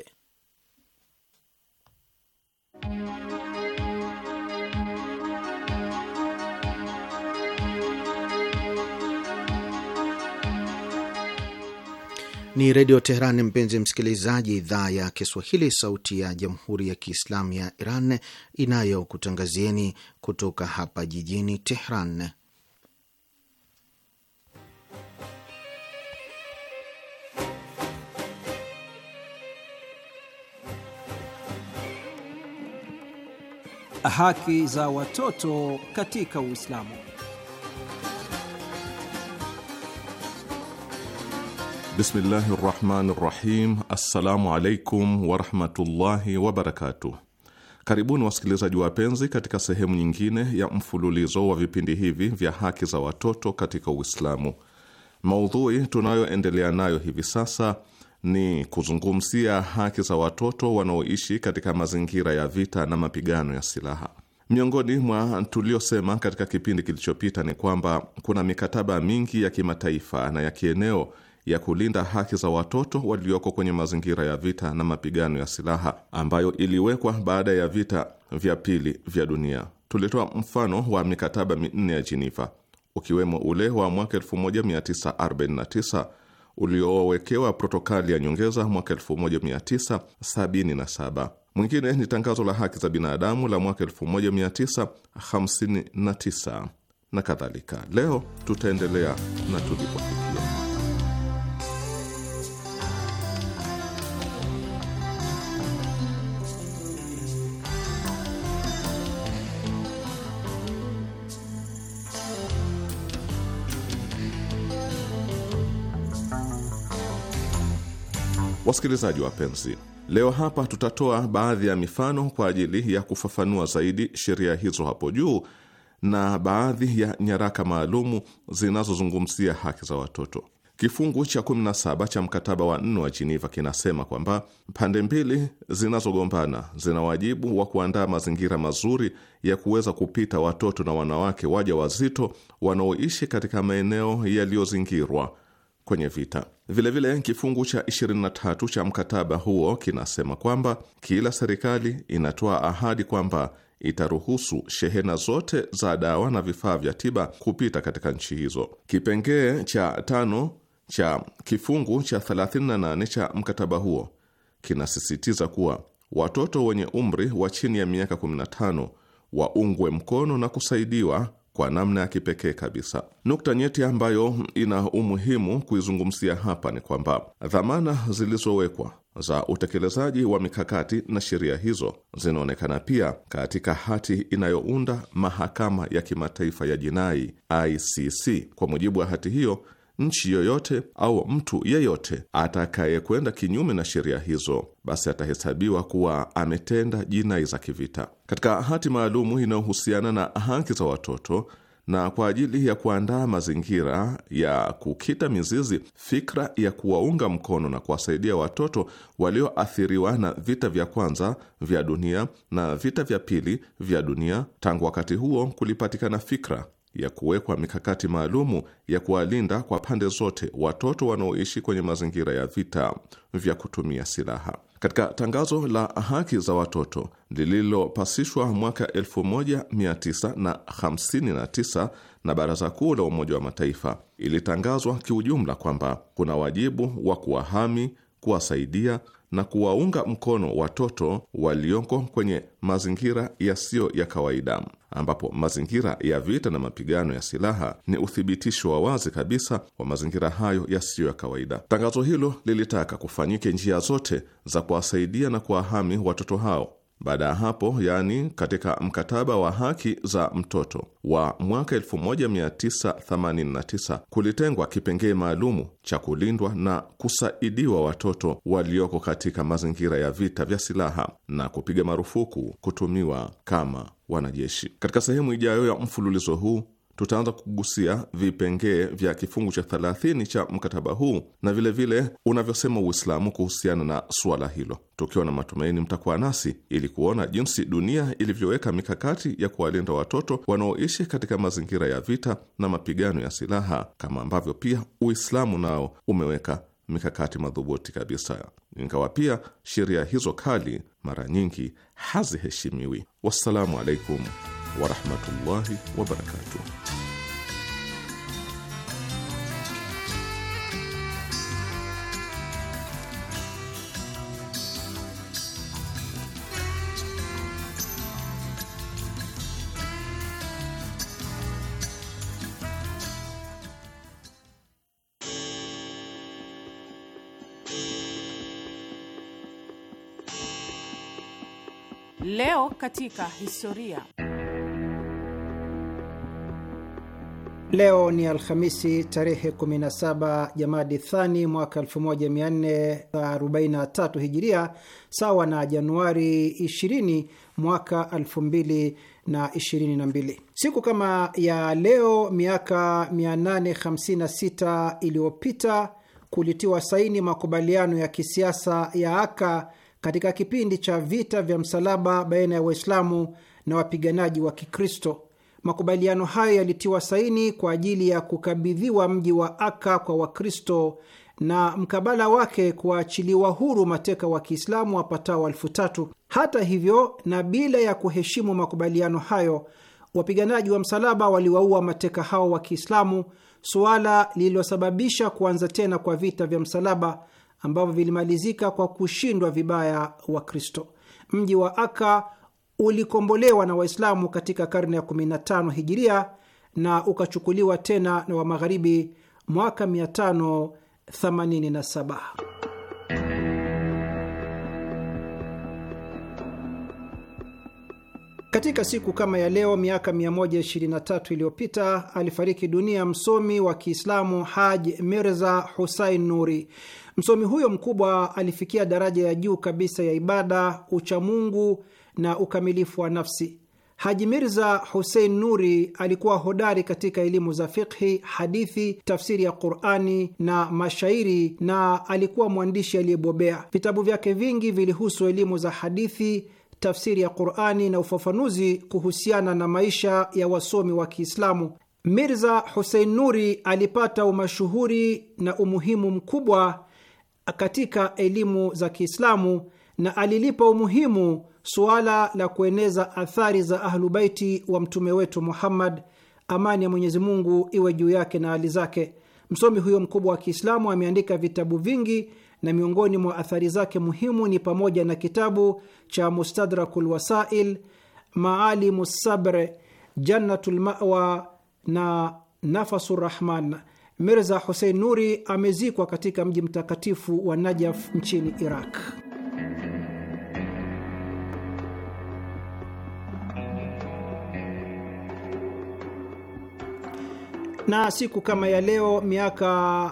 Ni Redio Teheran, mpenzi msikilizaji, idhaa ya Kiswahili, sauti ya jamhuri ya kiislamu ya Iran inayokutangazieni kutoka hapa jijini Teheran. Haki za watoto katika Uislamu. Bismillahi rahmani rahim. Assalamu alaikum warahmatullahi wabarakatuh. Karibuni wasikilizaji wapenzi, katika sehemu nyingine ya mfululizo wa vipindi hivi vya haki za watoto katika Uislamu. Maudhui tunayoendelea nayo hivi sasa ni kuzungumzia haki za watoto wanaoishi katika mazingira ya vita na mapigano ya silaha. Miongoni mwa tuliosema katika kipindi kilichopita ni kwamba kuna mikataba mingi ya kimataifa na ya kieneo ya kulinda haki za watoto walioko kwenye mazingira ya vita na mapigano ya silaha ambayo iliwekwa baada ya vita vya pili vya dunia. Tulitoa mfano wa mikataba minne ya Jiniva, ukiwemo ule wa mwaka 1949 uliowekewa protokali ya nyongeza mwaka 1977. Mwingine ni tangazo la haki za binadamu la mwaka 1959 na kadhalika. Leo tutaendelea na tulipofikia. Wasikilizaji wapenzi, leo hapa tutatoa baadhi ya mifano kwa ajili ya kufafanua zaidi sheria hizo hapo juu na baadhi ya nyaraka maalumu zinazozungumzia haki za watoto. Kifungu cha 17 cha mkataba wa nne wa jiniva kinasema kwamba pande mbili zinazogombana zina wajibu wa kuandaa mazingira mazuri ya kuweza kupita watoto na wanawake waja wazito wanaoishi katika maeneo yaliyozingirwa kwenye vita. Vilevile vile, kifungu cha 23 cha mkataba huo kinasema kwamba kila serikali inatoa ahadi kwamba itaruhusu shehena zote za dawa na vifaa vya tiba kupita katika nchi hizo. Kipengee cha tano cha kifungu cha 38 cha mkataba huo kinasisitiza kuwa watoto wenye umri wa chini ya miaka 15 waungwe mkono na kusaidiwa kwa namna ya kipekee kabisa. Nukta nyeti ambayo ina umuhimu kuizungumzia hapa ni kwamba dhamana zilizowekwa za utekelezaji wa mikakati na sheria hizo zinaonekana pia katika hati inayounda mahakama ya kimataifa ya jinai ICC. Kwa mujibu wa hati hiyo nchi yoyote au mtu yeyote atakayekwenda kinyume na sheria hizo, basi atahesabiwa kuwa ametenda jinai za kivita. Katika hati maalumu inayohusiana na haki za watoto na kwa ajili ya kuandaa mazingira ya kukita mizizi fikra ya kuwaunga mkono na kuwasaidia watoto walioathiriwa na vita vya kwanza vya dunia na vita vya pili vya dunia. Tangu wakati huo kulipatikana fikra ya kuwekwa mikakati maalumu ya kuwalinda kwa pande zote watoto wanaoishi kwenye mazingira ya vita vya kutumia silaha. Katika tangazo la haki za watoto lililopasishwa mwaka 1959 na Baraza Kuu la Umoja wa Mataifa, ilitangazwa kiujumla kwamba kuna wajibu wa kuwahami, kuwasaidia na kuwaunga mkono watoto walioko kwenye mazingira yasiyo ya kawaida, ambapo mazingira ya vita na mapigano ya silaha ni uthibitisho wa wazi kabisa wa mazingira hayo yasiyo ya kawaida. Tangazo hilo lilitaka kufanyike njia zote za kuwasaidia na kuwahami watoto hao baada ya hapo, yaani katika mkataba wa haki za mtoto wa mwaka 1989 kulitengwa kipengee maalumu cha kulindwa na kusaidiwa watoto walioko katika mazingira ya vita vya silaha na kupiga marufuku kutumiwa kama wanajeshi. Katika sehemu ijayo ya mfululizo huu tutaanza kugusia vipengee vya kifungu cha thelathini cha mkataba huu na vilevile unavyosema Uislamu kuhusiana na suala hilo, tukiwa na matumaini mtakuwa nasi ili kuona jinsi dunia ilivyoweka mikakati ya kuwalinda watoto wanaoishi katika mazingira ya vita na mapigano ya silaha, kama ambavyo pia Uislamu nao umeweka mikakati madhubuti kabisa, ingawa pia sheria hizo kali mara nyingi haziheshimiwi. Wassalamu alaikum warahmatullahi wabarakatuh. Leo katika historia Leo ni Alhamisi tarehe 17 Jamadi Thani mwaka 1443 Hijiria, sawa na Januari 20 mwaka 2022. Siku kama ya leo miaka 856 iliyopita kulitiwa saini makubaliano ya kisiasa ya Aka katika kipindi cha vita vya msalaba baina ya Waislamu na wapiganaji wa Kikristo. Makubaliano hayo yalitiwa saini kwa ajili ya kukabidhiwa mji wa Aka kwa Wakristo na mkabala wake kuachiliwa huru mateka wa Kiislamu wapatao elfu tatu. Hata hivyo, na bila ya kuheshimu makubaliano hayo, wapiganaji wa msalaba waliwaua mateka hao wa Kiislamu, suala lililosababisha kuanza tena kwa vita vya msalaba ambavyo vilimalizika kwa kushindwa vibaya Wakristo. Mji wa Aka ulikombolewa na Waislamu katika karne ya 15 hijiria na ukachukuliwa tena na wa magharibi mwaka 587. Katika siku kama ya leo miaka 123 iliyopita alifariki dunia msomi wa Kiislamu Haj Mirza Husain Nuri. Msomi huyo mkubwa alifikia daraja ya juu kabisa ya ibada, uchamungu na ukamilifu wa nafsi. Haji Mirza Husein Nuri alikuwa hodari katika elimu za fiqhi, hadithi, tafsiri ya Qurani na mashairi, na alikuwa mwandishi aliyebobea. Vitabu vyake vingi vilihusu elimu za hadithi, tafsiri ya Qurani na ufafanuzi kuhusiana na maisha ya wasomi wa Kiislamu. Mirza Husein Nuri alipata umashuhuri na umuhimu mkubwa katika elimu za Kiislamu na alilipa umuhimu suala la kueneza athari za Ahlubaiti wa mtume wetu Muhammad, amani ya Mwenyezi Mungu iwe juu yake na hali zake. Msomi huyo mkubwa wa Kiislamu ameandika vitabu vingi na miongoni mwa athari zake muhimu ni pamoja na kitabu cha Mustadrakul Wasail, Maalimu Sabre, Jannatul Mawa na Nafasu Rahman. Mirza Husein Nuri amezikwa katika mji mtakatifu wa Najaf nchini Iraq. Na siku kama ya leo miaka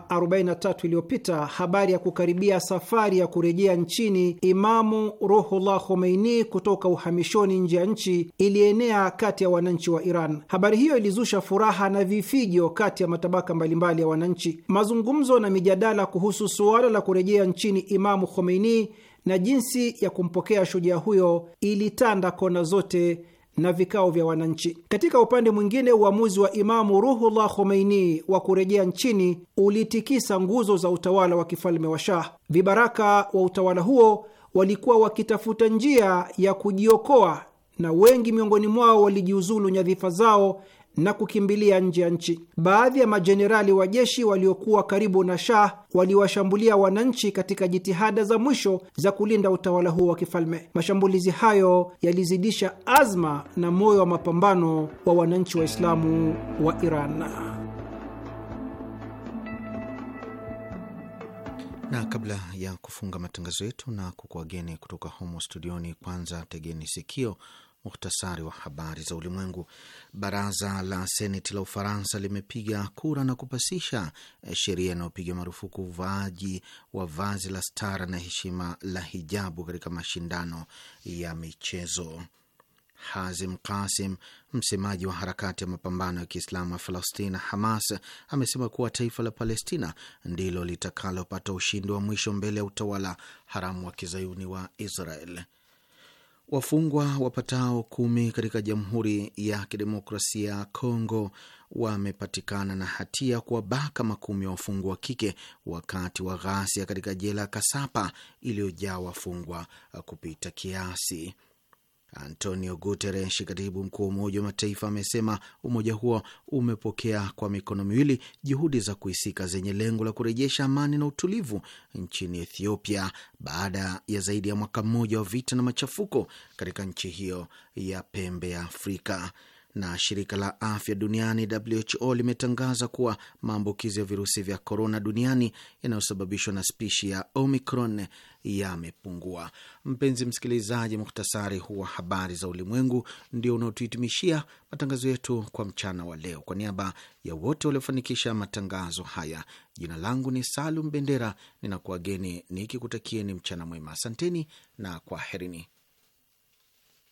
43 iliyopita habari ya kukaribia safari ya kurejea nchini Imamu Ruhullah Khomeini kutoka uhamishoni nje ya nchi ilienea kati ya wananchi wa Iran. Habari hiyo ilizusha furaha na vifijo kati ya matabaka mbalimbali ya wananchi. Mazungumzo na mijadala kuhusu suala la kurejea nchini Imamu Khomeini na jinsi ya kumpokea shujaa huyo ilitanda kona zote na vikao vya wananchi. Katika upande mwingine, uamuzi wa Imamu Ruhullah Khomeini wa kurejea nchini ulitikisa nguzo za utawala wa kifalme wa Shah. Vibaraka wa utawala huo walikuwa wakitafuta njia ya kujiokoa na wengi miongoni mwao walijiuzulu nyadhifa zao na kukimbilia nje ya nchi. Baadhi ya majenerali wa jeshi waliokuwa karibu na Shah waliwashambulia wananchi katika jitihada za mwisho za kulinda utawala huo wa kifalme. Mashambulizi hayo yalizidisha azma na moyo wa mapambano wa wananchi Waislamu wa Iran. na kabla ya kufunga matangazo yetu na kukuageni kutoka humo studioni, kwanza tegeni sikio Muhtasari wa habari za ulimwengu. Baraza la Seneti la Ufaransa limepiga kura na kupasisha sheria inayopiga marufuku uvaaji wa vazi la stara na heshima la hijabu katika mashindano ya michezo. Hazim Kasim, msemaji wa harakati ya mapambano ya Kiislamu ya Falastina, Hamas, amesema kuwa taifa la Palestina ndilo litakalopata ushindi wa mwisho mbele ya utawala haramu wa kizayuni wa Israel. Wafungwa wapatao kumi katika Jamhuri ya Kidemokrasia ya Kongo wamepatikana na hatia kuwabaka makumi ya wafungwa wa kike wakati wa ghasia katika jela ya Kasapa iliyojaa wafungwa kupita kiasi. Antonio Guterres, katibu mkuu wa Umoja wa Mataifa, amesema umoja huo umepokea kwa mikono miwili juhudi za kuhisika zenye lengo la kurejesha amani na utulivu nchini Ethiopia baada ya zaidi ya mwaka mmoja wa vita na machafuko katika nchi hiyo ya pembe ya Afrika na shirika la afya duniani WHO limetangaza kuwa maambukizi ya virusi vya korona duniani yanayosababishwa na spishi ya Omicron yamepungua. Mpenzi msikilizaji, muhtasari huu wa habari za ulimwengu ndio unaotuhitimishia matangazo yetu kwa mchana wa leo. Kwa niaba ya wote waliofanikisha matangazo haya, jina langu ni Salum Bendera, ninakuageni nikikutakieni mchana mwema. Asanteni na kwaherini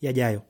yajayo.